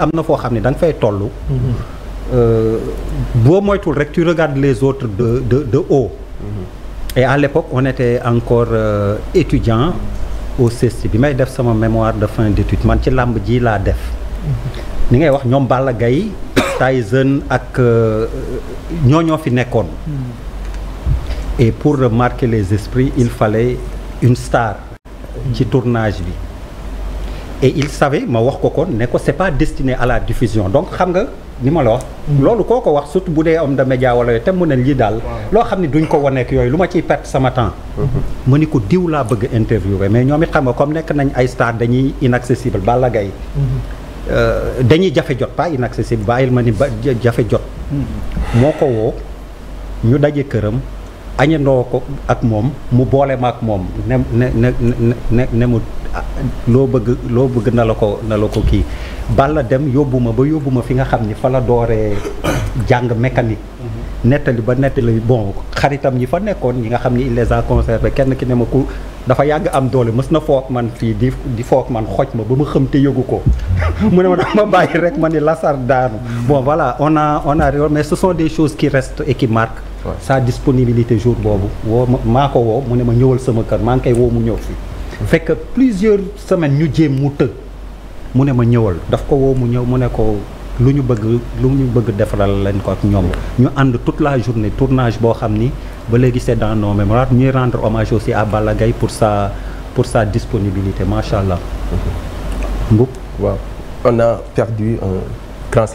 am na foo xam ne da nga fay toll. Mhm. Euh, boo moytul rek tu regardes les autres de de de haut. Mhm. et à l'époque encore euh, étudiant au CESTI bi may def sama mémoire de fin d'étude man ci làmb ji laa def. Mhm. ni ngay wax ñoom Balla Gaye Tyson ak euh, euh, ñoo ñoo fi nekkoon. et pour marqué les esprits il fallait une star. ci tournage bi. et il savait ma wax ko ko ne ko c'est pas destiné à la diffusion donc xam nga ni ma la wax. loolu koo ko wax surtout bu dee homme de média wala yooyu te mu ne lii daal. loo xam ne duñ ko waneek yooyu lu ma ciy perte sama temps. Mm-hmm. ma ni ko diw laa bëgg interviewé mais ñoom it xam nga comme nekk nañ ay star dañuy inaccessible Balla Gaye mm-hmm. euh, dañuy jafe jot pas inaccessible bàyyil ma ni ba jafe jot. Mm-hmm. moo ko woo ñu daje këram. añandoo ko ak moom mu boole ma moom ne ne ne ne mu Ah, loo bëgg loo bëgg na la ko na la ko kii Balla dem yóbbu ma ba yóbbu ma fi nga xam ni fa la dooree jàng mécanique mhm. nettali ba nettali bon xaritam yi fa nekkoon yi nga xam ni les a conservé kenn ki ne ma ku dafa yàgg am doole mës na foog man fii di di foog man xoj ma ba ma xam te yëgu ko mu ne ma dama bàyyi rek ma ni lasar daanu mhm. bon voilà on a on a mais su sont des choses qui restent et qui marquent sa disponibilité jour boobu woo maa ko woo mu ne ma ñëwal sama kër maa woo mu ñëw fii fekk plusieurs semaines ñu jéem mu tëgg mu ne ma ñëwal daf ko woo mu ñëw mu ne ko lu ñu bëgg lu ñu bëgg defaral lañ ko ak ñoom ñu ànd toute la journée tournage boo xam ni ba léegi c'est dans nos mémoires ñuy rendre hommage aussi à Balla Gaye pour sa pour sa disponibilité macha allah. Mboup waaw on perdu